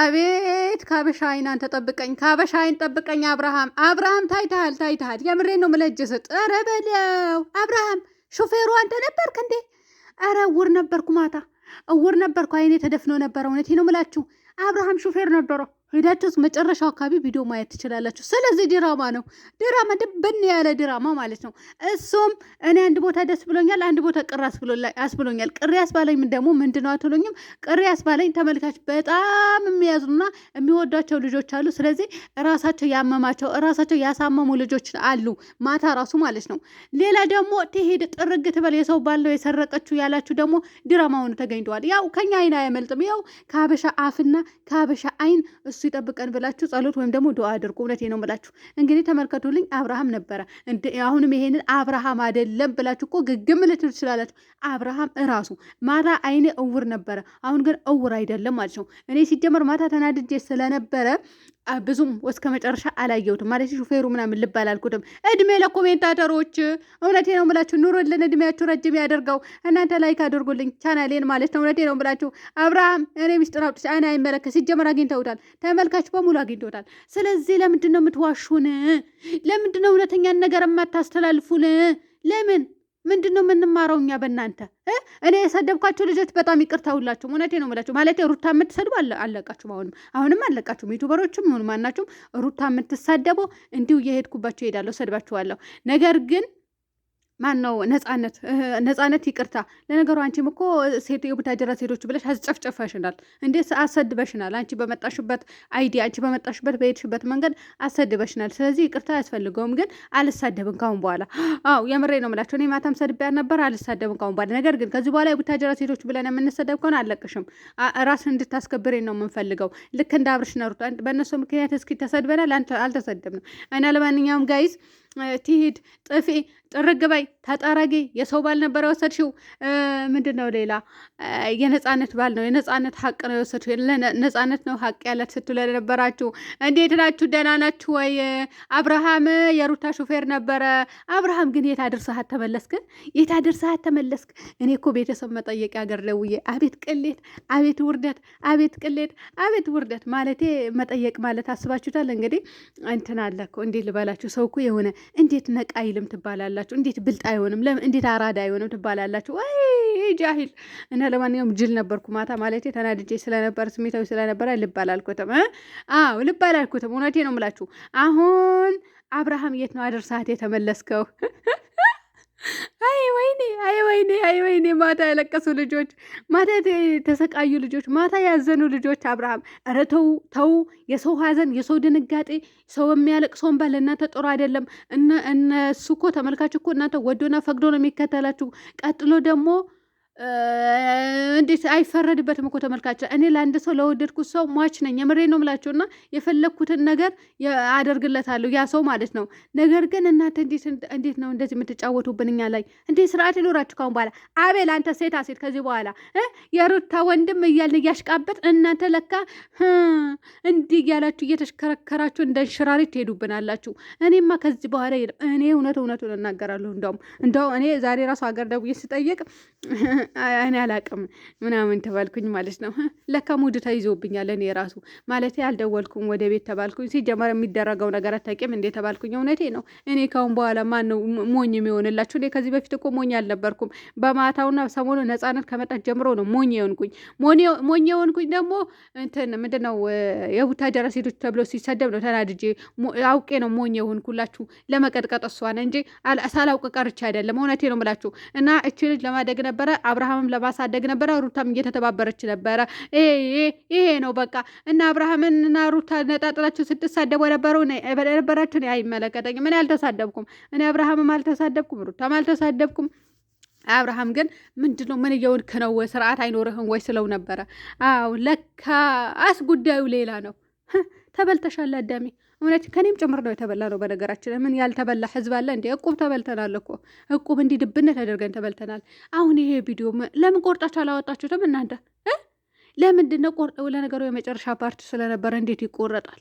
አቤት ከአበሻ አይን አንተ ጠብቀኝ፣ ከአበሻ አይን ጠብቀኝ። አብርሃም አብርሃም ታይተሃል፣ ታይተሃል። የምሬ ነው ምለጅ ጥረ በለው አብርሃም፣ ሾፌሩ አንተ ነበርክ እንዴ? አረ እውር ነበርኩ፣ ማታ እውር ነበርኩ፣ አይኔ ተደፍኖ ነበረ። እውነቴ ነው ምላችሁ፣ አብርሃም ሾፌር ነበረው። ሄዳችሁ መጨረሻው አካባቢ ቪዲዮ ማየት ትችላላችሁ። ስለዚህ ድራማ ነው፣ ድራማ ድብን ያለ ድራማ ማለት ነው። እሱም እኔ አንድ ቦታ ደስ ብሎኛል፣ አንድ ቦታ ቅር አስብሎኛል። ቅር ያስባለኝ ደግሞ ምንድነው አትሎኝም? ቅር ያስባለኝ ተመልካች በጣም የሚያዝኑና የሚወዷቸው ልጆች አሉ። ስለዚህ እራሳቸው ያመማቸው እራሳቸው ያሳመሙ ልጆች አሉ፣ ማታ ራሱ ማለት ነው። ሌላ ደግሞ ትሄድ ጥርግ ትበል የሰው ባለው የሰረቀችው ያላችሁ ደግሞ ድራማ ሆኖ ተገኝተዋል። ያው ከኛ አይን አያመልጥም። ያው ከሀበሻ አፍና ከሀበሻ አይን እሱ ይጠብቀን ብላችሁ ጸሎት ወይም ደግሞ ዱዓ አድርጉ። እውነቴ ነው ብላችሁ እንግዲህ ተመልከቱልኝ፣ አብርሃም ነበረ። አሁንም ይሄንን አብርሃም አይደለም ብላችሁ እኮ ግግም ልትል ትችላላችሁ። አብርሃም እራሱ ማታ አይኔ እውር ነበረ፣ አሁን ግን እውር አይደለም ማለት ነው። እኔ ሲጀመር ማታ ተናድጄ ስለነበረ ብዙም እስከ መጨረሻ አላየሁትም ማለት ሹፌሩ ምናምን ልባል አልኩትም። እድሜ ለኮሜንታተሮች እውነቴ ነው ምላችሁ፣ ኑሮልን እድሜያችሁ ረጅም ያደርገው። እናንተ ላይክ አድርጉልኝ ቻናሌን ማለት ነው። እውነቴ ነው ምላችሁ። አብርሃም እኔ ሚስጥር አውጥቼ አይን አይመለከት ሲጀመር አግኝተውታል። ተመልካች በሙሉ አግኝተውታል። ስለዚህ ለምንድን ነው የምትዋሹን? ለምንድን ነው እውነተኛን ነገር የማታስተላልፉን? ለምን ምንድን ነው የምንማረው እኛ በእናንተ? እኔ የሰደብኳቸው ልጆች በጣም ይቅርታ እውነቴ ነው የምላችሁ። ማለት ሩታ የምትሰድቡ አለቃችሁም፣ አሁንም አሁንም አለቃችሁም። ዩቱበሮችም ሆኑ ማናችሁም ሩታ የምትሳደቡ እንዲሁ እየሄድኩባቸው ይሄዳለሁ፣ ሰድባችኋለሁ። ነገር ግን ማን ነው ነጻነት? ነጻነት ይቅርታ። ለነገሩ አንቺም እኮ ሴት የቡታጀራ ሴቶች ብለሽ አስጨፍጨፈሽናል እንዴ አሰድበሽናል። አንቺ በመጣሽበት አይዲ፣ አንቺ በመጣሽበት በሄድሽበት መንገድ አሰድበሽናል። ስለዚህ ይቅርታ አያስፈልገውም። ግን አልሳደብም ካሁን በኋላ። አዎ የምሬ ነው የምላቸው። እኔ ማታም ሰድቤያት ነበር፣ አልሳደብም ካሁን በኋላ። ነገር ግን ከዚህ በኋላ የቡታጀራ ሴቶች ብለን የምንሰደብ ከሆነ አለቅሽም። ራስን እንድታስከብሬ ነው የምንፈልገው። ልክ እንደ አብርሽ ነሩት። በእነሱ ምክንያት እስኪ ተሰድበናል፣ አልተሰደብንም እና ለማንኛውም ጋይዝ ትሂድ ጥፊ ጥርግ በይ ተጠረጊ፣ የሰው ባል ነበር የወሰድሽው። ምንድን ነው ሌላ የነፃነት ባል ነው፣ የነፃነት ሀቅ ነው የወሰድሽው። ነፃነት ነው ሀቅ ያለት ስትለ ነበራችሁ። እንዴት ናችሁ? ደህና ናችሁ ወይ? አብርሃም የሩታ ሹፌር ነበረ። አብርሃም ግን የት አድርሰሃት ተመለስክ? የት አድርሰሃት ተመለስክ? እኔ እኮ ቤተሰብ መጠየቅ ያገር ለውዬ። አቤት ቅሌት፣ አቤት ውርደት፣ አቤት ቅሌት፣ አቤት ውርደት። ማለቴ መጠየቅ ማለት አስባችሁታል። እንግዲህ እንትን አለ እኮ እንዴት ልበላችሁ፣ ሰው እኮ የሆነ እንዴት ነቃ ይልም ትባላላችሁ እንዴት ብል ብልጥ አይሆንም። ለምን እንዴት አራዳ አይሆንም ትባላላችሁ? ወይ ጃሂል እና ለማንኛውም ጅል ነበርኩ ማታ ማለት ተናድጄ ስለነበረ ስሜታዊ ስለነበረ ልብ አላልኩትም። አዎ ልብ አላልኩትም። እውነቴ ነው የምላችሁ። አሁን አብርሃም የት ነው ሰዓት የተመለስከው? አይ ወይኔ፣ አይ ወይኔ፣ አይ ወይኔ! ማታ ያለቀሱ ልጆች፣ ማታ የተሰቃዩ ልጆች፣ ማታ ያዘኑ ልጆች። አብርሃም ኧረ ተው ተው! የሰው ሀዘን የሰው ድንጋጤ ሰው የሚያለቅሰውን ባል እናንተ ጥሩ አይደለም። እነሱ እኮ ተመልካች እኮ እናንተ ወዶና ፈቅዶ ነው የሚከተላችሁ። ቀጥሎ ደግሞ እንዴት አይፈረድበትም እኮ ተመልካች። እኔ ለአንድ ሰው ለወደድኩ ሰው ሟች ነኝ። የምሬ ነው የምላችሁ እና የፈለግኩትን ነገር አደርግለታለሁ ያ ሰው ማለት ነው። ነገር ግን እናንተ እንዴት ነው እንደዚህ የምትጫወቱብን እኛ ላይ? እንዴት ስርዓት ይኖራችሁ ካሁን በኋላ። አቤል አንተ ሴት ሴት ከዚህ በኋላ የሩታ ወንድም እያልን እያሽቃበጥ እናንተ ለካ እንዲህ እያላችሁ እየተሽከረከራችሁ እንደ እንሽራሪት ትሄዱብናላችሁ። እኔማ ከዚህ በኋላ እኔ እውነት እውነቱን እናገራለሁ። እንደውም እንደው እኔ ዛሬ ራሱ ሀገር ደውዬ ስጠይቅ እኔ አላቅም ምናምን ተባልኩኝ ማለት ነው። ለካ ሙድ ተይዞብኛል። እኔ ራሱ ማለት አልደወልኩም ወደ ቤት ተባልኩኝ። ሲጀመር የሚደረገው ነገር አታውቂም እንዴ ተባልኩኝ። እውነቴ ነው። እኔ ካሁን በኋላ ማን ነው ሞኝ የሚሆንላችሁ? እኔ ከዚህ በፊት እኮ ሞኝ አልነበርኩም። በማታውና ሰሞኑ ነጻነት ከመጣት ጀምሮ ነው ሞኝ የሆንኩኝ። ሞኝ የሆንኩኝ ደግሞ እንትን ምንድን ነው የቡታጀራ ሴቶች ተብሎ ሲሰደብ ነው ተናድጄ አውቄ ነው ሞኝ የሆንኩላችሁ ለመቀጥቀጥ እሷን እንጂ ሳላውቅ ቀርቼ አይደለም። እውነቴ ነው የምላችሁ እና እች ልጅ ለማደግ ነበረ አብርሃምም ለማሳደግ ነበረ፣ ሩታም እየተተባበረች ነበረ። ይሄ ነው በቃ። እና እና ሩታ ነጣጥላችሁ ስትሳደቡ የነበረው የነበራችሁ አይመለከተኝም። እኔ አልተሳደብኩም። እኔ አብርሃምም አልተሳደብኩም፣ ሩታም አልተሳደብኩም። አብርሃም ግን ምንድን ነው ምን እየሆንክ ነው? ስርዓት አይኖርህም ወይ ስለው ነበረ። አዎ ለካ አስ ጉዳዩ ሌላ ነው። ተበልተሻል አዳሜ እውነት ከኔም ጭምር ነው የተበላ ነው። በነገራችን ምን ያልተበላ ህዝብ አለ እንዴ? እቁብ ተበልተናል እኮ እቁብ እንዲህ ድብነት ተደርገን ተበልተናል። አሁን ይሄ ቪዲዮ ለምን ቆርጣችሁ አላወጣችሁትም እናንተ? ለምንድን ነው ቆርጠው? ለነገሩ የመጨረሻ ፓርቲ ስለነበረ እንዴት ይቆረጣል?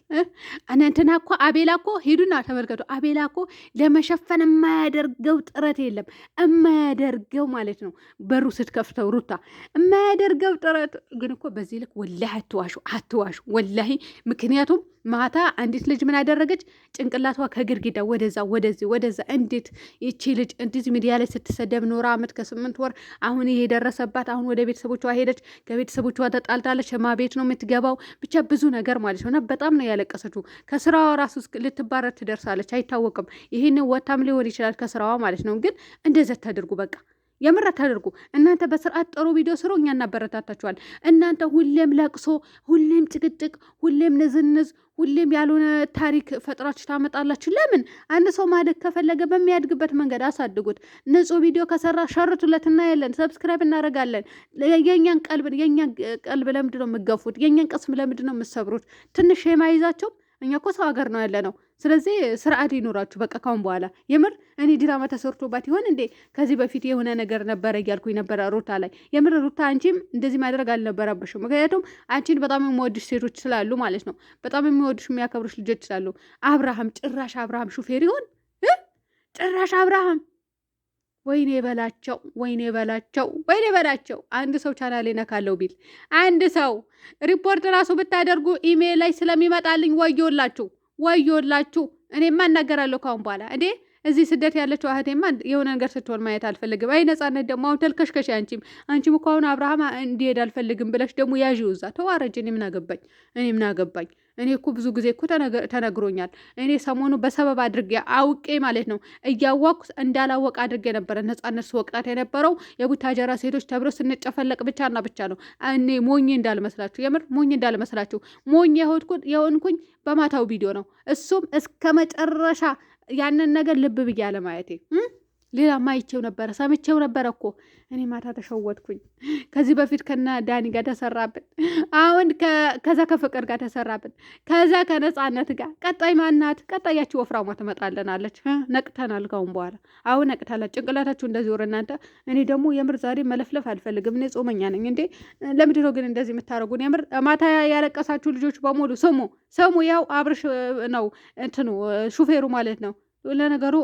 እንትና እኮ አቤላ እኮ ሂዱና ተመልከቱ። አቤላ እኮ ለመሸፈን የማያደርገው ጥረት የለም። የማያደርገው ማለት ነው በሩ ስትከፍተው ሩታ የማያደርገው ጥረት ግን እኮ በዚህ ልክ ወላሂ አትዋሹ፣ አትዋሹ ወላሂ ምክንያቱም ማታ አንዲት ልጅ ምን አደረገች? ጭንቅላቷ ከግድግዳ ወደዛ ወደዚህ ወደዛ። እንዴት ይቺ ልጅ እንዲህ ሚዲያ ላይ ስትሰደብ ኖራ አመት ከስምንት ወር አሁን ይሄ የደረሰባት አሁን ወደ ቤተሰቦቿ ሄደች። ከቤተሰቦቿ ተጣልታለች። ማ ቤት ነው የምትገባው? ብቻ ብዙ ነገር ማለት ነው። እና በጣም ነው ያለቀሰችው። ከስራዋ ራሱ ልትባረር ትደርሳለች፣ አይታወቅም። ይህን ወታም ሊሆን ይችላል ከስራዋ ማለት ነው። ግን እንደዘት ታድርጉ በቃ የምር አታደርጉ። እናንተ በስርዓት ጥሩ ቪዲዮ ስሩ፣ እኛ እናበረታታችኋል። እናንተ ሁሌም ለቅሶ፣ ሁሌም ጭቅጭቅ፣ ሁሌም ንዝንዝ፣ ሁሌም ያልሆነ ታሪክ ፈጥራችሁ ታመጣላችሁ። ለምን? አንድ ሰው ማደግ ከፈለገ በሚያድግበት መንገድ አሳድጉት። ንጹህ ቪዲዮ ከሰራ ሸርቱለት፣ እናያለን፣ ሰብስክራይብ እናደርጋለን። የእኛን ቀልብ የእኛን ቀልብ ለምንድን ነው የምገፉት? የእኛን ቅስም ለምንድን ነው የምሰብሩት? ትንሽ የማይዛቸው እኛ እኮ ሰው ሀገር ነው ያለ ነው ስለዚህ ስርዓት ይኖራችሁ። በቃ ካሁን በኋላ የምር እኔ ድራማ ተሰርቶባት ይሆን እንዴ? ከዚህ በፊት የሆነ ነገር ነበረ እያልኩኝ ነበረ ሩታ ላይ። የምር ሩታ አንቺም እንደዚህ ማድረግ አልነበረብሽም። ምክንያቱም አንቺን በጣም የሚወድሽ ሴቶች ስላሉ ማለት ነው። በጣም የሚወድሽ የሚያከብርሽ ልጆች ስላሉ። አብርሃም ጭራሽ አብርሃም ሹፌር ይሆን ጭራሽ አብርሃም ወይኔ በላቸው፣ ወይኔ በላቸው፣ ወይኔ በላቸው። አንድ ሰው ቻናል ነካለው ቢል አንድ ሰው ሪፖርት ራሱ ብታደርጉ ኢሜይል ላይ ስለሚመጣልኝ ወዮላችሁ። ወዮላችሁ። እኔማ እናገራለሁ ካሁን በኋላ እንዴ እዚህ ስደት ያለችው እህቴማ የሆነ ነገር ስትሆን ማየት አልፈልግም። አይ ነጻነት ደግሞ አሁን ተልከሽከሽ። አንቺም አንቺም እኮ አሁን አብርሃም እንዲሄድ አልፈልግም ብለሽ ደግሞ ያዥው እዛ ተዋረጅ። እኔ ምን አገባኝ? እኔ ምን አገባኝ? እኔ እኮ ብዙ ጊዜ እኮ ተነግሮኛል። እኔ ሰሞኑ በሰበብ አድርጌ አውቄ ማለት ነው እያወቅኩ እንዳላወቅ አድርጌ ነበረ ነጻነት ስወቅጣት የነበረው የቡታጀራ ሴቶች ተብሎ ስንጨፈለቅ ብቻና ብቻ ነው። እኔ ሞኝ እንዳልመስላችሁ፣ የምር ሞኝ እንዳልመስላችሁ። ሞኝ የሆንኩኝ በማታው ቪዲዮ ነው። እሱም እስከ መጨረሻ ያንን ነገር ልብ ብዬ አለማየቴ ሌላ ማይቼው ነበረ ሰምቼው ነበረ እኮ እኔ ማታ ተሸወትኩኝ። ከዚህ በፊት ከነ ዳኒ ጋር ተሰራብን፣ አሁን ከዛ ከፍቅር ጋር ተሰራብን፣ ከዛ ከነፃነት ጋር ቀጣይ ማናት? ቀጣያችሁ ወፍራሟ ትመጣለናለች። ነቅተናል። ካሁን በኋላ አሁን ነቅተናል። ጭንቅላታችሁ እንደዚህ ወር እናንተ። እኔ ደግሞ የምር ዛሬ መለፍለፍ አልፈልግም። እኔ ጾመኛ ነኝ እንዴ! ነው ግን እንደዚህ የምታደርጉን? የምር ማታ ያለቀሳችሁ ልጆች በሙሉ ስሙ፣ ስሙ። ያው አብርሽ ነው እንትኑ ሹፌሩ ማለት ነው። ለነገሩ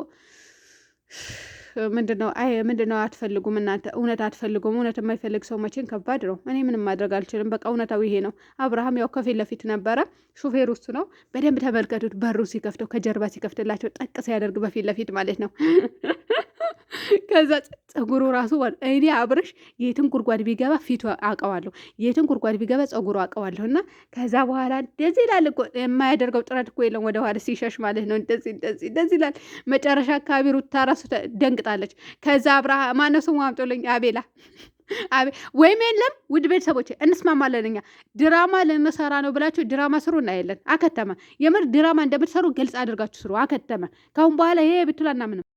ምንድነው? አይ ምንድነው? አትፈልጉም እናንተ እውነት አትፈልጉም። እውነት የማይፈልግ ሰው መቼን ከባድ ነው። እኔ ምንም ማድረግ አልችልም። በቃ እውነታው ይሄ ነው። አብርሃም ያው ከፊት ለፊት ነበረ፣ ሹፌር ውስጥ ነው። በደንብ ተመልከቱት። በሩ ሲከፍተው ከጀርባ ሲከፍትላቸው ጠቅ ሲያደርግ በፊት ለፊት ማለት ነው ከዛ ፀጉሩ ራሱ እኔ አብርሽ የትን ጉድጓድ ቢገባ ፊቱ አውቀዋለሁ፣ የትን ጉድጓድ ቢገባ ፀጉሩ አውቀዋለሁ። እና ከዛ በኋላ እንደዚህ ይላል እኮ የማያደርገው ጥረት እኮ የለም። ወደ ኋላ ሲሸሽ ማለት ነው። እንደዚህ እንደዚህ እንደዚህ ይላል። መጨረሻ አካባቢ ሩታ ራሱ ደንግጣለች። ከዛ አብርሃ ማነው ስሙ አምጦልኝ አቤላ ወይም የለም። ውድ ቤተሰቦች እንስማማለን። እኛ ድራማ ልንሰራ ነው ብላችሁ ድራማ ስሩ እናያለን። አከተመ። የምር ድራማ እንደምትሰሩ ግልጽ አድርጋችሁ ስሩ። አከተመ። ካሁን በኋላ ይሄ ብትላ እናምንም